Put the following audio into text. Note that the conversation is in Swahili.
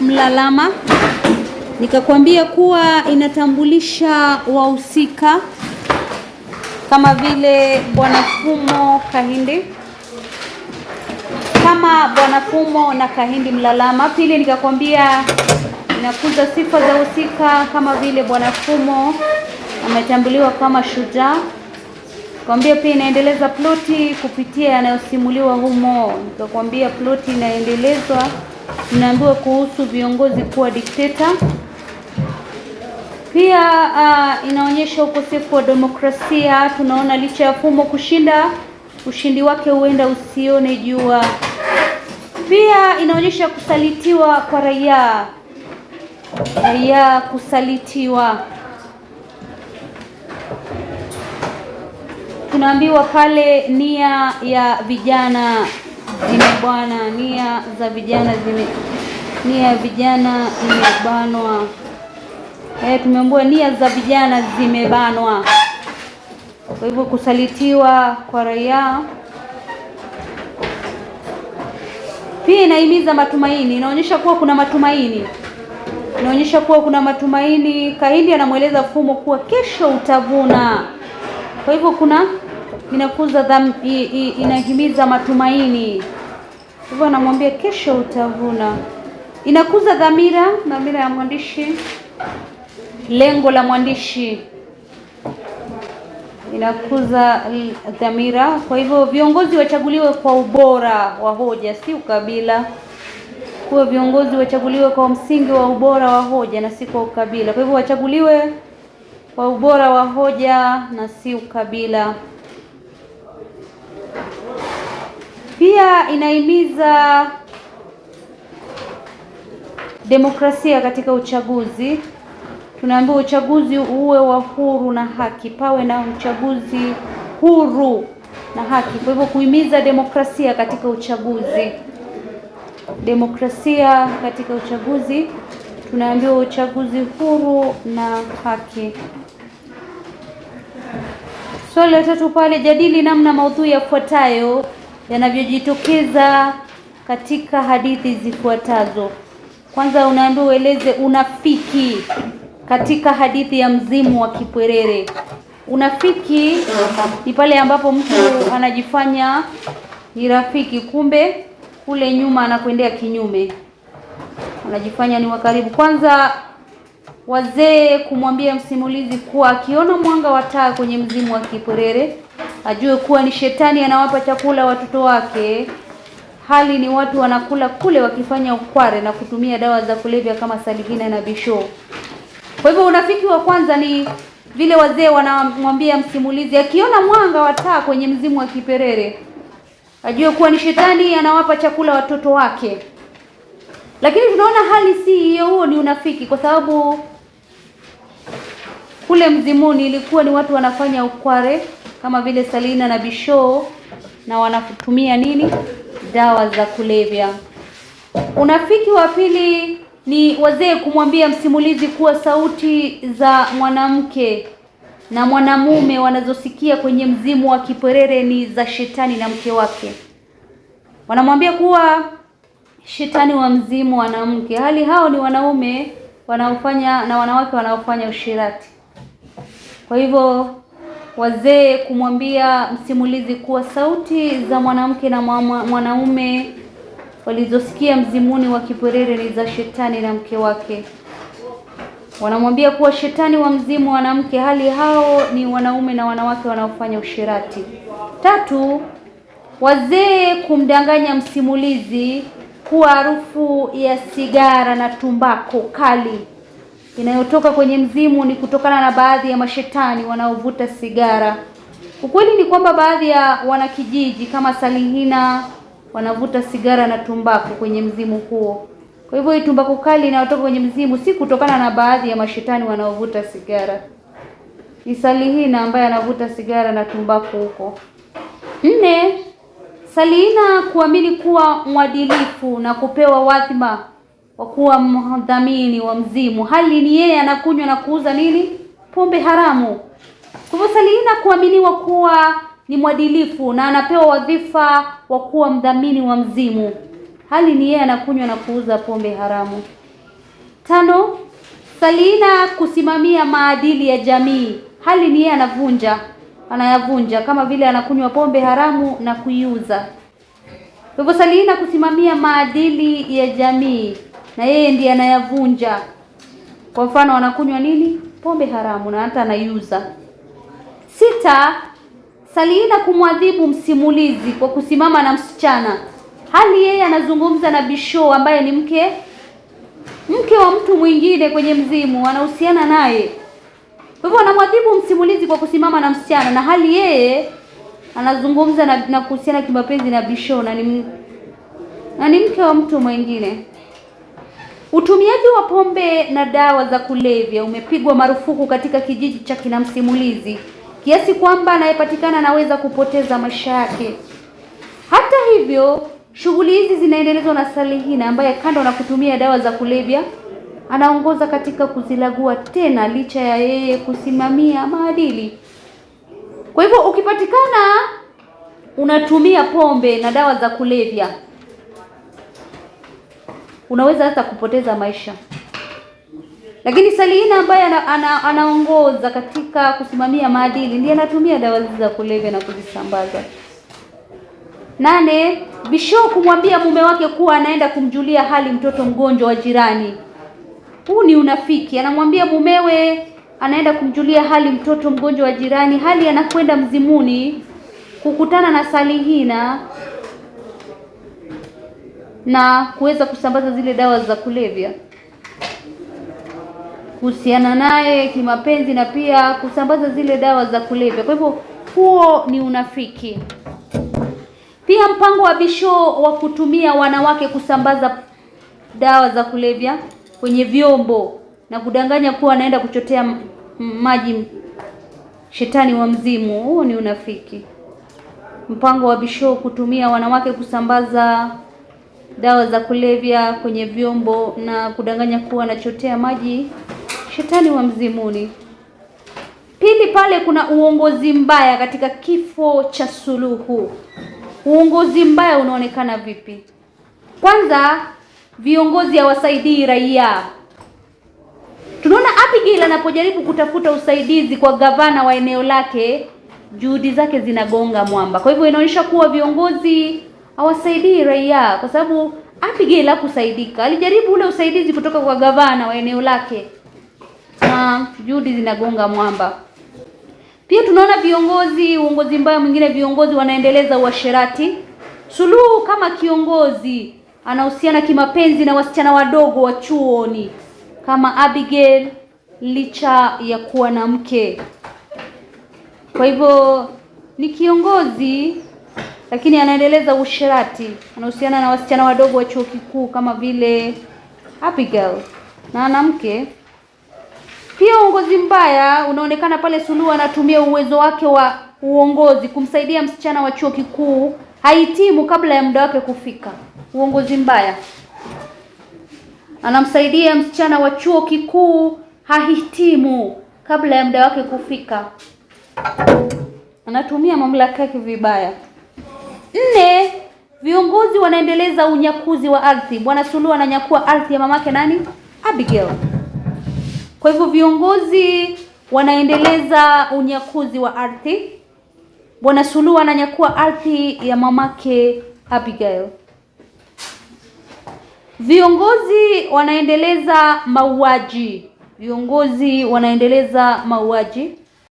Mlalama nikakwambia kuwa inatambulisha wahusika kama vile Bwana Fumo Kahindi, kama Bwana Fumo na Kahindi Mlalama. Pili nikakwambia inakuza sifa za husika kama vile Bwana Fumo ametambuliwa kama shujaa. Nikakwambia pia inaendeleza ploti kupitia yanayosimuliwa humo. Nikakwambia ploti inaendelezwa Tunaambiwa kuhusu viongozi kuwa dikteta. Pia uh, inaonyesha ukosefu wa demokrasia. Tunaona licha ya fumo kushinda, ushindi wake huenda usione jua. Pia inaonyesha kusalitiwa kwa raia, raia kusalitiwa. Tunaambiwa pale nia ya vijana bwana, nia za vijana zime nia vijana imebanwa. Eh, tumeambiwa nia za vijana zimebanwa. Kwa hivyo kusalitiwa kwa raia pia inahimiza matumaini, inaonyesha kuwa kuna matumaini, inaonyesha kuwa kuna matumaini. Kahindi anamweleza Fumo kuwa kesho utavuna, kwa hivyo kuna inakuza dham, i, i, inahimiza matumaini. Hivyo anamwambia kesho utavuna, inakuza dhamira, dhamira ya mwandishi, lengo la mwandishi inakuza dhamira. Kwa hivyo viongozi wachaguliwe kwa ubora wa hoja, si ukabila. Kuwa viongozi wachaguliwe kwa msingi wa ubora wa hoja na si kwa ukabila. Kwa hivyo wachaguliwe kwa ubora wa hoja na si ukabila. Pia inahimiza demokrasia katika uchaguzi. Tunaambiwa uchaguzi uwe wa huru na haki, pawe na uchaguzi huru na haki. Kwa hivyo kuhimiza demokrasia katika uchaguzi, demokrasia katika uchaguzi, tunaambiwa uchaguzi huru na haki. Swali la tatu pale, jadili namna maudhui yafuatayo yanavyojitokeza katika hadithi zifuatazo. Kwanza, unaambiwa ueleze unafiki katika hadithi ya mzimu wa kipwerere. Unafiki ni pale ambapo mtu anajifanya ni rafiki, kumbe kule nyuma anakwendea kinyume, anajifanya ni wa karibu. Kwanza wazee kumwambia msimulizi kuwa akiona mwanga wa taa kwenye mzimu wa kipwerere ajue kuwa ni shetani anawapa chakula watoto wake, hali ni watu wanakula kule wakifanya ukware na kutumia dawa za kulevya kama salihina na bisho. Kwa hivyo unafiki wa kwanza ni vile wazee wanamwambia msimulizi, akiona mwanga wa taa kwenye mzimu wa kiperere ajue kuwa ni shetani anawapa chakula watoto wake. Lakini tunaona hali si hiyo, huo ni unafiki, kwa sababu kule mzimuni ilikuwa ni watu wanafanya ukware kama vile Salina na Bishoo, na wanatumia nini, dawa za kulevya. Unafiki wa pili ni wazee kumwambia msimulizi kuwa sauti za mwanamke na mwanamume wanazosikia kwenye mzimu wa Kiperere ni za shetani na mke wake. Wanamwambia kuwa shetani wa mzimu wanamke, hali hao ni wanaume wanaofanya na wanawake wanaofanya ushirati. Kwa hivyo wazee kumwambia msimulizi kuwa sauti za mwanamke na mwanaume walizosikia mzimuni wa Kipwerere ni za shetani na mke wake. Wanamwambia kuwa shetani wa mzimu wanamke, hali hao ni wanaume na wanawake wanaofanya ushirati. Tatu, wazee kumdanganya msimulizi kuwa harufu ya sigara na tumbako kali inayotoka kwenye mzimu ni kutokana na baadhi ya mashetani wanaovuta sigara. Ukweli ni kwamba baadhi ya wanakijiji kama Salihina wanavuta sigara na tumbaku kwenye mzimu huo. Kwa hivyo hii tumbaku kali inayotoka kwenye mzimu si kutokana na baadhi ya mashetani wanaovuta sigara, ni Salihina ambaye anavuta sigara na tumbaku huko. Nne, Salihina kuamini kuwa mwadilifu na kupewa wadhima kwa kuwa mdhamini wa mzimu, hali ni yeye anakunywa na kuuza nini? Pombe haramu. Kwa hivyo Salina kuaminiwa kuwa ni mwadilifu na anapewa wadhifa wa kuwa mdhamini wa mzimu, hali ni yeye anakunywa na kuuza pombe haramu. Tano, salina kusimamia maadili ya jamii, hali ni yeye anavunja anayavunja kama vile anakunywa pombe haramu na kuiuza. Kwa hivyo Salina kusimamia maadili ya jamii na yeye ndiye anayavunja. Kwa mfano, anakunywa nini? Pombe haramu na hata anaiuza. Sita, Salina kumwadhibu msimulizi kwa kusimama na msichana, hali yeye anazungumza na Bisho ambaye ni mke mke wa mtu mwingine kwenye mzimu, anahusiana naye. Kwa hivyo anamwadhibu msimulizi kwa kusimama na msichana, na hali yeye anazungumza na, na kuhusiana kimapenzi na Bisho na ni, na ni mke wa mtu mwingine. Utumiaji wa pombe na dawa za kulevya umepigwa marufuku katika kijiji cha Kinamsimulizi kiasi kwamba anayepatikana anaweza kupoteza maisha yake. Hata hivyo, shughuli hizi zinaendelezwa na Salihina ambaye kando na kutumia dawa za kulevya anaongoza katika kuzilagua tena licha ya yeye kusimamia maadili. Kwa hivyo ukipatikana unatumia pombe na dawa za kulevya unaweza hata kupoteza maisha. Lakini Salina ambaye ana, anaongoza katika kusimamia maadili ndiye anatumia dawa hizi za kulevya na kuzisambaza. Nane, bisho kumwambia mume wake kuwa anaenda kumjulia hali mtoto mgonjwa wa jirani. Huu ni unafiki. Anamwambia mumewe anaenda kumjulia hali mtoto mgonjwa wa jirani, hali anakwenda mzimuni kukutana na Salihina na kuweza kusambaza zile dawa za kulevya kuhusiana naye kimapenzi na pia kusambaza zile dawa za kulevya. Kwa hivyo huo ni unafiki. Pia mpango wa Bisho wa kutumia wanawake kusambaza dawa za kulevya kwenye vyombo na kudanganya kuwa anaenda kuchotea maji shetani wa mzimu, huo ni unafiki. Mpango wa Bisho kutumia wanawake kusambaza dawa za kulevya kwenye vyombo na kudanganya kuwa anachotea maji, shetani wa mzimuni. Pili, pale kuna uongozi mbaya katika kifo cha Suluhu. Uongozi mbaya unaonekana vipi? Kwanza, viongozi hawasaidii raia. Tunaona Abigail anapojaribu kutafuta usaidizi kwa gavana wa eneo lake, juhudi zake zinagonga mwamba. Kwa hivyo inaonyesha kuwa viongozi hawasaidii raia, kwa sababu abigail la kusaidika. Alijaribu ule usaidizi kutoka kwa gavana wa eneo lake na juhudi zinagonga mwamba. Pia tunaona viongozi, uongozi mbaya mwingine, viongozi wanaendeleza uasherati. Suluhu kama kiongozi anahusiana kimapenzi na wasichana wadogo wa chuoni kama Abigail licha ya kuwa na mke. Kwa hivyo ni kiongozi lakini anaendeleza uasherati, anahusiana na wasichana wadogo wa chuo kikuu kama vile Abigail na wanamke. Pia uongozi mbaya unaonekana pale Suluhu anatumia uwezo wake wa uongozi kumsaidia msichana wa chuo kikuu hahitimu kabla ya muda wake kufika. Uongozi mbaya anamsaidia msichana wa chuo kikuu hahitimu kabla ya muda wake kufika, anatumia mamlaka yake vibaya. Nne, viongozi wanaendeleza unyakuzi wa ardhi. Bwana Suluhu ananyakua ardhi ya mamake nani? Abigail. Kwa hivyo viongozi wanaendeleza unyakuzi wa ardhi. Bwana Suluhu ananyakua ardhi ya mamake Abigail. Viongozi wanaendeleza mauaji. Viongozi wanaendeleza mauaji.